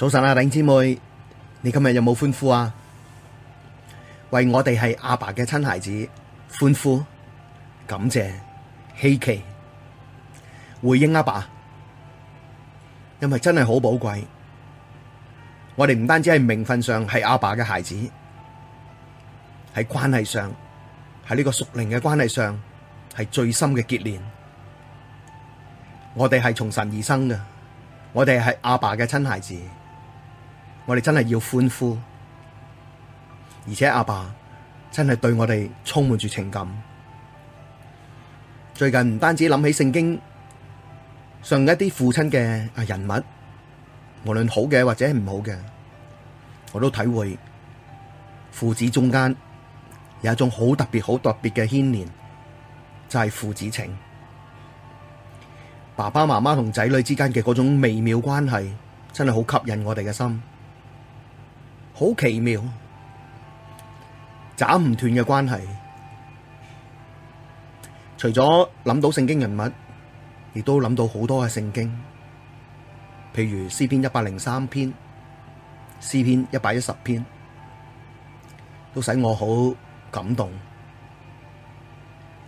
早晨啊，頂姊妹，你今日有冇歡呼啊？為我哋係阿爸嘅親孩子歡呼、感謝、希奇、回應阿爸，因為真係好寶貴。我哋唔單止係名份上係阿爸嘅孩子，喺關係上，喺呢個屬靈嘅關係上，係最深嘅結連。我哋係從神而生嘅，我哋係阿爸嘅親孩子。我哋真係要歡呼，而且阿爸真係對我哋充滿住情感。最近唔單止諗起聖經上一啲父親嘅人物，無論好嘅或者唔好嘅，我都體會父子中間有一種好特別、好特別嘅牽連，就係父子情。爸爸媽媽同仔女之間嘅嗰種微妙關係，真係好吸引我哋嘅心。好奇妙，斬唔斷嘅關係。除咗諗到聖經人物，亦都諗到好多嘅聖經，譬如詩篇一百零三篇、詩篇一百一十篇，都使我好感動。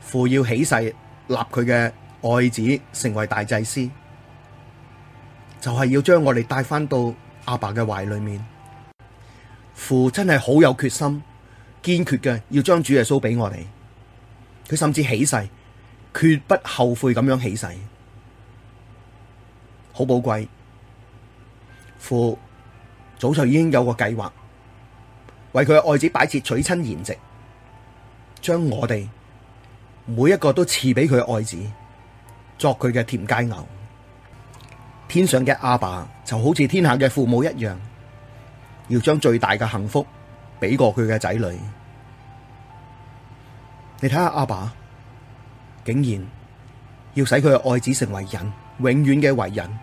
父要起誓立佢嘅愛子成為大祭司，就係要將我哋帶返到阿爸嘅懷裏面。父真係好有決心、堅決嘅，要將主耶穌俾我哋。佢甚至起誓，決不後悔咁樣起誓，好寶貴。父早就已經有個計劃，為佢嘅愛子擺設娶親筵席，將我哋每一個都賜俾佢嘅愛子，作佢嘅甜雞牛。天上嘅阿爸就好似天下嘅父母一樣。要將最大嘅幸福俾過佢嘅仔女，你睇下阿爸竟然要使佢嘅愛子成為人永遠嘅為人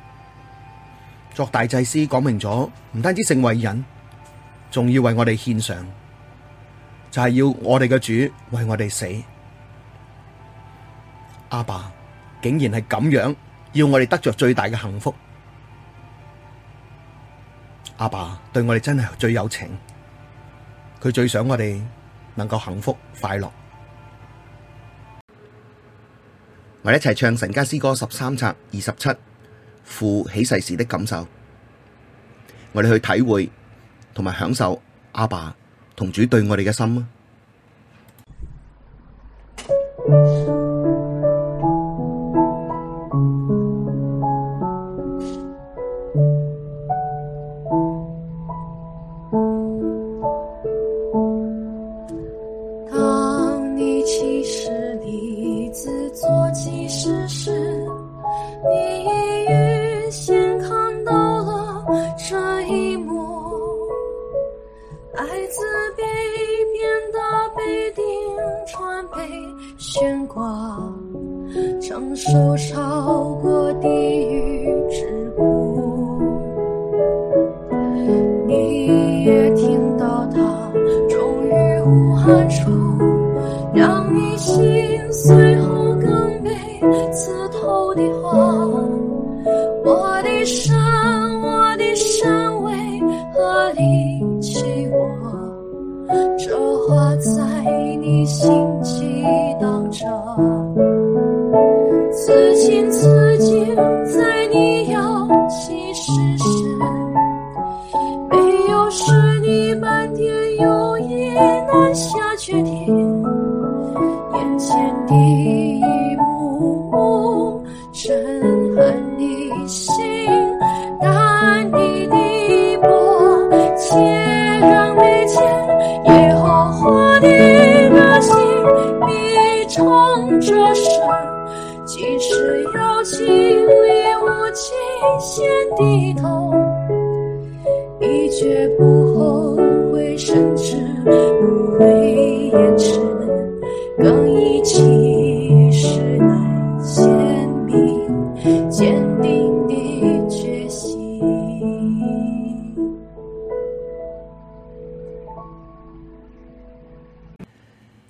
作大祭司，講明咗唔單止成為人，仲要為我哋獻上，就係要我哋嘅主為我哋死。阿爸竟然係咁樣，要我哋得着最大嘅幸福。阿爸對我哋真係最有情，佢最想我哋能夠幸福快樂。我哋一齊唱神家詩歌十三冊二十七，父起誓時的感受。我哋去體會同埋享受阿爸同主對我哋嘅心。走過的。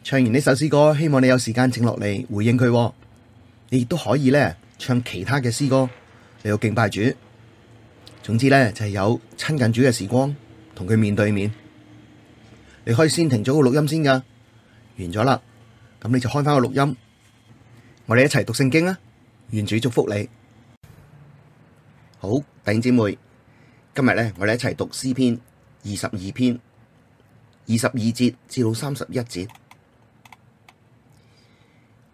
唱完呢首詩歌，希望你有時間靜落嚟回應佢。你亦都可以咧唱其他嘅詩歌嚟到敬拜主。總之咧就係、是、有親近主嘅時光，同佢面對面。你可以先停咗個錄音先噶，完咗啦。咁你就開翻個錄音，我哋一齊讀聖經啊。願主祝福你。好，弟兄姊妹，今日咧，我哋一齊讀詩篇二十二篇二十二節至到三十一節。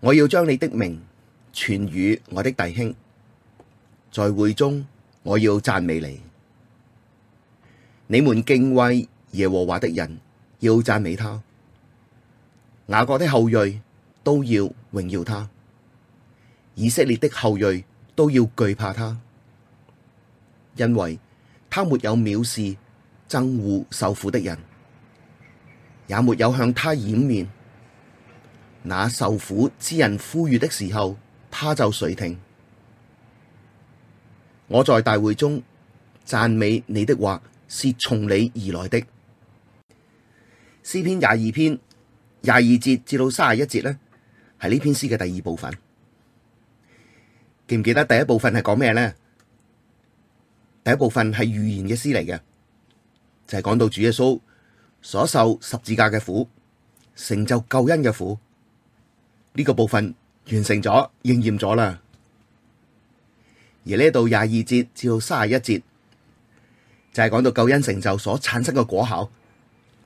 我要將你的名傳與我的弟兄，在會中我要讚美你。你們敬畏耶和華的人。要讚美他，雅各的後裔都要榮耀他；以色列的後裔都要懼怕他，因為他沒有藐視憎惡受苦的人，也沒有向他掩面。那受苦之人呼籲的時候，他就垂聽。我在大會中讚美你的話，是從你而來的。詩篇廿二篇廿二節至到卅一節咧，係呢篇詩嘅第二部分。記唔記得第一部分係講咩咧？第一部分係預言嘅詩嚟嘅，就係講到主耶穌所受十字架嘅苦，成就救恩嘅苦。呢個部分完成咗，應驗咗啦。而呢度廿二節至到卅一節，就係講到救恩成就所產生嘅果效，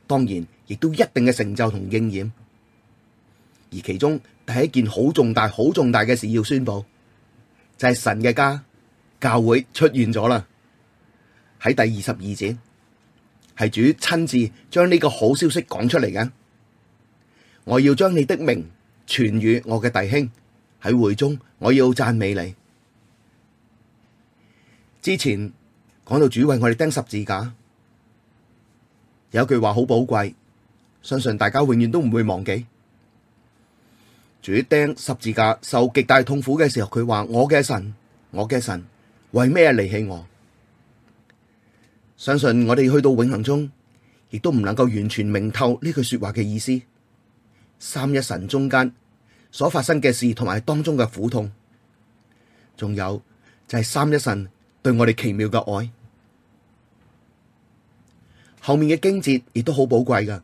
當然亦都一定嘅成就同應驗，而其中第一件好重大、好重大嘅事要宣布，就係、是、神嘅家教會出現咗啦。喺第二十二節，係主親自將呢個好消息講出嚟嘅。我要將你的名傳與我嘅弟兄，喺會中，我要讚美你。之前講到主為我哋釘十字架，有句話好寶貴。相信大家永遠都唔會忘記，主釘十字架受極大痛苦嘅時候，佢話：我嘅神，我嘅神，為咩啊離棄我？相信我哋去到永恒中，亦都唔能夠完全明透呢句說話嘅意思。三一神中間所發生嘅事，同埋當中嘅苦痛，仲有就係三一神對我哋奇妙嘅愛。後面嘅經節亦都好寶貴噶。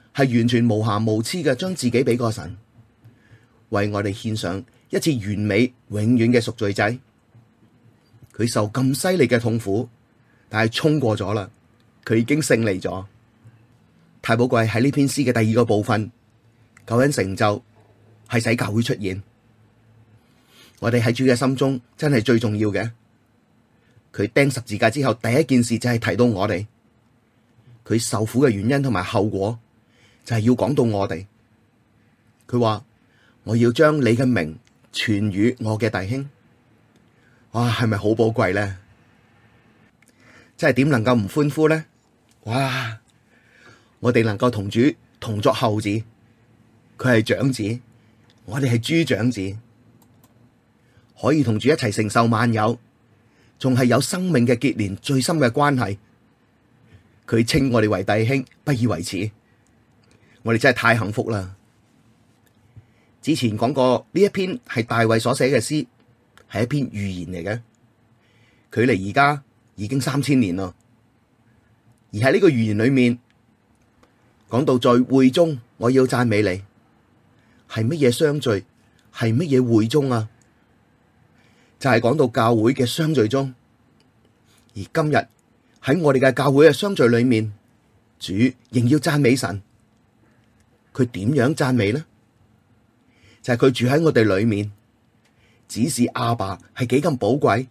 係完全無瑕無疵嘅，將自己俾個神，為我哋獻上一次完美、永遠嘅贖罪祭。佢受咁犀利嘅痛苦，但係衝過咗啦，佢已經勝利咗。太寶貴喺呢篇詩嘅第二個部分，救恩成就係使教會出現。我哋喺主嘅心中真係最重要嘅。佢釘十字架之後，第一件事就係提到我哋，佢受苦嘅原因同埋後果。就係要講到我哋，佢話我要將你嘅名傳與我嘅弟兄。哇，係咪好寶貴呢？即係點能夠唔歡呼呢？哇！我哋能夠同主同作後子，佢係長子，我哋係諸長子，可以同主一齊承受萬有，仲係有生命嘅結連最深嘅關係。佢稱我哋為弟兄，不以為恥。我哋真係太幸福啦！之前講過呢一篇係大衛所寫嘅詩，係一篇預言嚟嘅，距離而家已經三千年啦。而喺呢個預言裏面，講到在會中我要讚美你，係乜嘢相聚，係乜嘢會中啊？就係講到教會嘅相聚中，而今日喺我哋嘅教會嘅相聚裏面，主仍要讚美神。佢點樣讚美呢？就係佢住喺我哋裏面，指示阿爸係幾咁寶貴，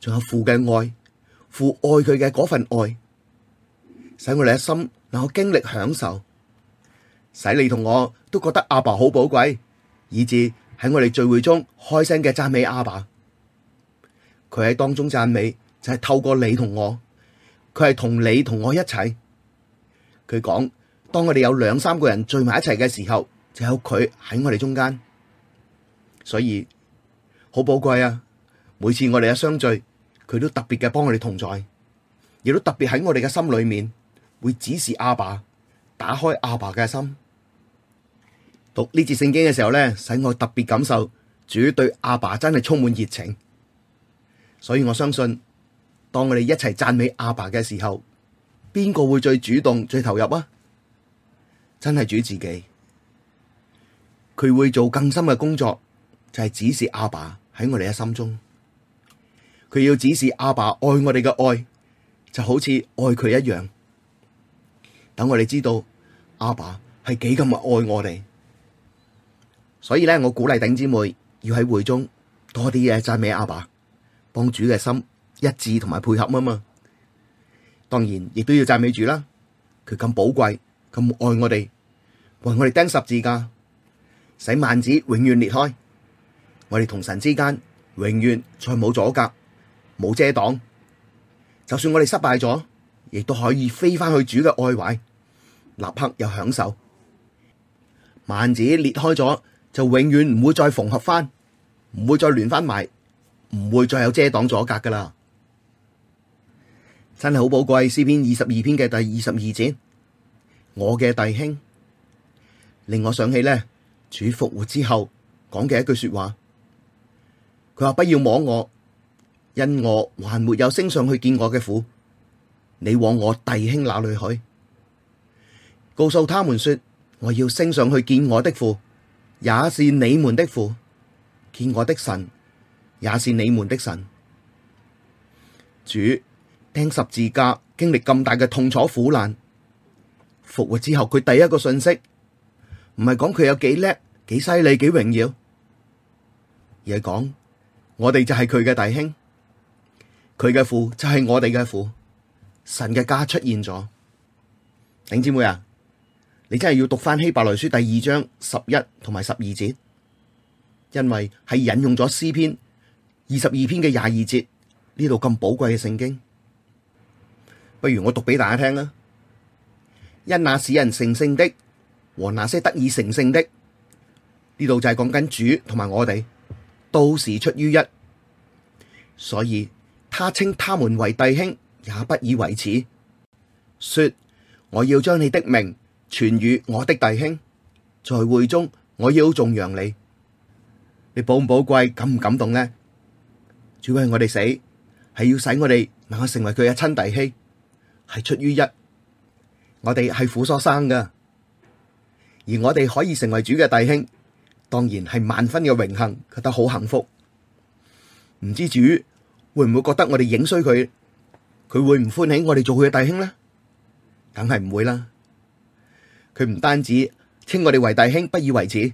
仲有父嘅愛，父愛佢嘅嗰份愛，使我哋嘅心能夠經歷享受，使你同我都覺得阿爸好寶貴，以至喺我哋聚會中開聲嘅讚美阿爸。佢喺當中讚美就係透過你同我，佢係同你同我一齊，佢講。當我哋有兩三個人聚埋一齊嘅時候，就有佢喺我哋中間，所以好寶貴啊！每次我哋嘅相聚，佢都特別嘅幫我哋同在，亦都特別喺我哋嘅心裏面會指示阿爸打開阿爸嘅心。讀呢節聖經嘅時候咧，使我特別感受主對阿爸真係充滿熱情，所以我相信，當我哋一齊讚美阿爸嘅時候，邊個會最主動、最投入啊？真係主自己，佢會做更深嘅工作，就係指示阿爸喺我哋嘅心中，佢要指示阿爸愛我哋嘅愛，就好似愛佢一樣。等我哋知道阿爸係幾咁愛我哋，所以咧，我鼓勵頂姊妹要喺會中多啲嘢讚美阿爸，幫主嘅心一致同埋配合啊嘛。當然，亦都要讚美主啦，佢咁寶貴。咁愛我哋，為我哋釘十字架，使幔子永遠裂開。我哋同神之間永遠再冇阻隔、冇遮擋。就算我哋失敗咗，亦都可以飛翻去主嘅愛懷，立刻又享受。幔子裂開咗，就永遠唔會再縫合翻，唔會再亂翻埋，唔會再有遮擋阻隔噶啦。真係好寶貴，詩篇二十二篇嘅第二十二節。我嘅弟兄，令我想起咧，主復活之後講嘅一句說話，佢話：不要摸我，因我還沒有升上去見我嘅父。你往我弟兄那裏去，告訴他們說：我要升上去見我的父，也是你們的父；見我的神，也是你們的神。主釘十字架，經歷咁大嘅痛楚苦難。復活之後，佢第一個信息唔係講佢有幾叻、幾犀利、幾榮耀，而係講我哋就係佢嘅弟兄，佢嘅父就係我哋嘅父。神嘅家出現咗。兄姐妹啊，你真係要讀翻希伯來書第二章十一同埋十二節，因為係引用咗詩篇二十二篇嘅廿二節呢度咁寶貴嘅聖經。不如我讀俾大家聽啦。因那使人成聖的和那些得以成聖的，呢度就係講緊主同埋我哋都是出於一，所以他稱他們為弟兄也不以為恥，說我要將你的名傳與我的弟兄，在會中我要重揚你，你寶唔寶貴感唔感動呢？主為我哋死，係要使我哋能夠成為佢嘅親弟兄，係出於一。我哋係苦所生噶而我哋可以成為主嘅弟兄，當然係萬分嘅榮幸，覺得好幸福。唔知主會唔會覺得我哋影衰佢？佢會唔歡喜我哋做佢嘅弟兄咧？梗係唔會啦。佢唔單止稱我哋為弟兄，不以為恥，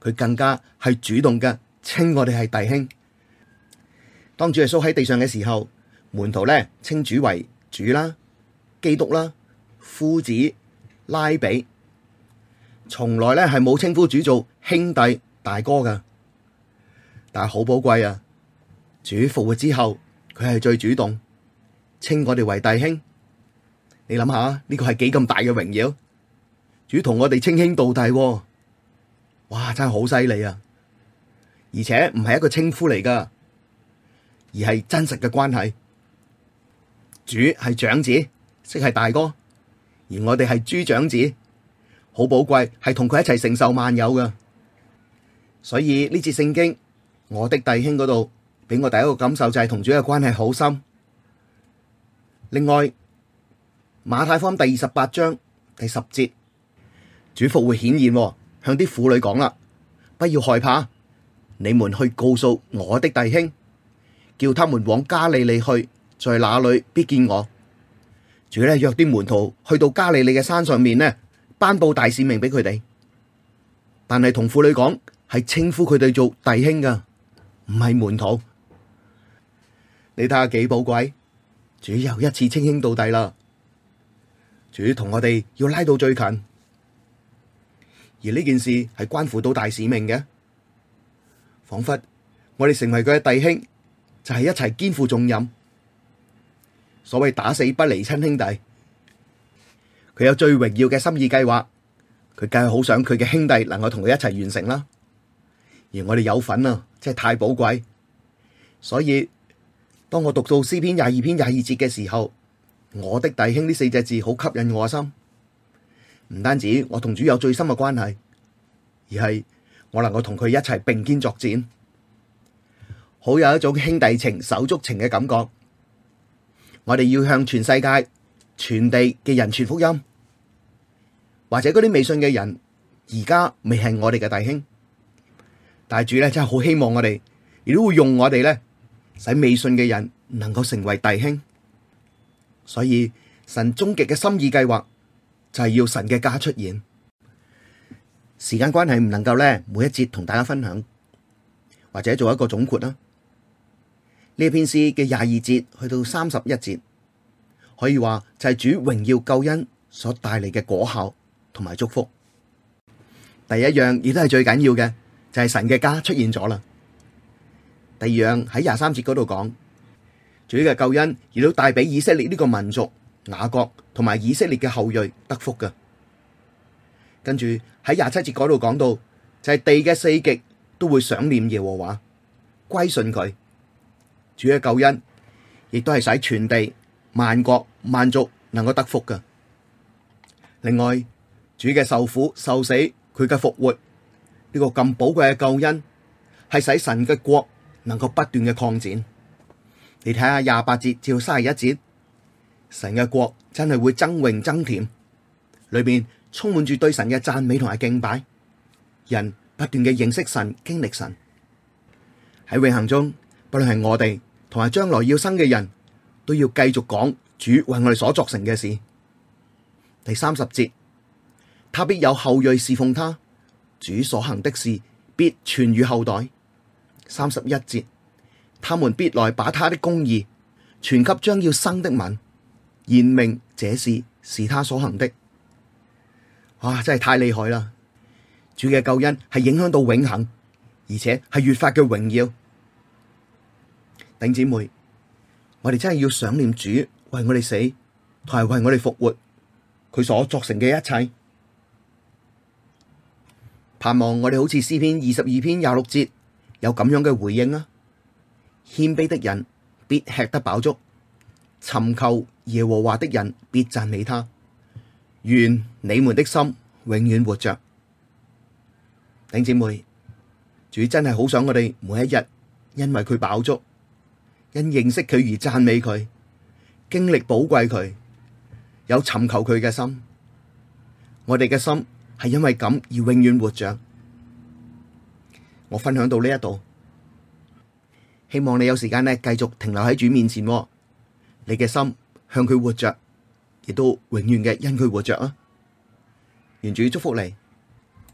佢更加係主動嘅稱我哋係弟兄。當主耶穌喺地上嘅時候，門徒咧稱主為主啦，基督啦，夫子、拉比從來咧係冇稱呼主做兄弟大哥噶，但係好寶貴啊！主復活之後，佢係最主動稱我哋為弟兄。你諗下呢個係幾咁大嘅榮耀？主同我哋稱兄道弟，啊，哇真係好犀利啊！而且唔係一個稱呼嚟噶，而係真實嘅關係。主係長子，即係大哥。而我哋係豬長子，好寶貴，係同佢一齊承受萬有噶。所以呢節聖經，我的弟兄嗰度俾我第一個感受就係同主嘅關係好深。另外，馬太福音第二十八章第十節，主復活顯現，向啲婦女講啦：不要害怕，你們去告訴我的弟兄，叫他們往加利利去，在那裏必見我。主咧，約啲門徒去到加利利嘅山上面咧，頒布大使命俾佢哋，但係同婦女講係稱呼佢哋做弟兄噶唔係門徒。你睇下幾寶貴，主又一次稱兄道弟啦。主同我哋要拉到最近，而呢件事係關乎到大使命嘅，仿佛我哋成為佢嘅弟兄就係一齊肩負重任。所謂打死不離親兄弟，佢有最榮耀嘅心意計劃，佢梗係好想佢嘅兄弟能夠同佢一齊完成啦。而我哋有份啊，真係太寶貴。所以當我讀到詩篇廿二篇廿二節嘅時候，我的弟兄呢四隻字好吸引我心。唔單止我同主有最深嘅關係，而係我能夠同佢一齊並肩作戰，好有一種兄弟情手足情嘅感覺。我哋要向全世界、全地嘅人傳福音，或者嗰啲未信嘅人，而家未係我哋嘅弟兄，但係主咧真係好希望我哋，亦都會用我哋咧，使未信嘅人能夠成為弟兄。所以神終極嘅心意計劃就係要神嘅家出現。時間關係唔能夠咧每一節同大家分享，或者做一個總括啦。呢篇詩嘅廿二節去到三十一節，可以話就係主榮耀救恩所帶嚟嘅果效同埋祝福。第一樣亦都係最緊要嘅，就係神嘅家出現咗啦。第二樣喺廿三節嗰度講，主嘅救恩亦都帶俾以色列呢個民族、雅各同埋以色列嘅後裔得福嘅。跟住喺廿七節嗰度講到，就係地嘅四極都會想念耶和華，歸順佢。主嘅救恩，亦都係使全地、萬國、萬族能夠得福㗎。另外，主嘅受苦、受死，佢嘅復活，呢個咁寶貴嘅救恩，係使神嘅國能夠不斷嘅擴展。你睇下廿八節至到卅一節，神嘅國真係會增榮增甜，裏面充滿住對神嘅讚美同埋敬拜，人不斷嘅認識神、經歷神，喺永恆中，不論係我哋同埋將來要生嘅人，都要繼續講主為我哋所作成嘅事。第三十節，他必有後裔事奉他，主所行的事必傳與後代。三十一節，他們必來把他的公義傳給將要生的民，言明這事是，是他所行的。哇！真係太厲害啦！主嘅救恩係影響到永恒，而且係越發嘅榮耀。頂姐妹，我哋真係要想念主為我哋死，同埋為我哋復活，佢所作成嘅一切，盼望我哋好似詩篇二十二篇廿六節有咁樣嘅回應啊！謙卑的人必吃得飽足，尋求耶和華的人必讚美他。願你們的心永遠活着。頂姐妹，主真係好想我哋每一日因為佢飽足。因認識佢而讚美佢，經歷寶貴佢，有尋求佢嘅心，我哋嘅心係因為咁而永遠活着。我分享到呢一度，希望你有時間呢繼續停留喺主面前，你嘅心向佢活着，亦都永遠嘅因佢活着啊！願主祝福你。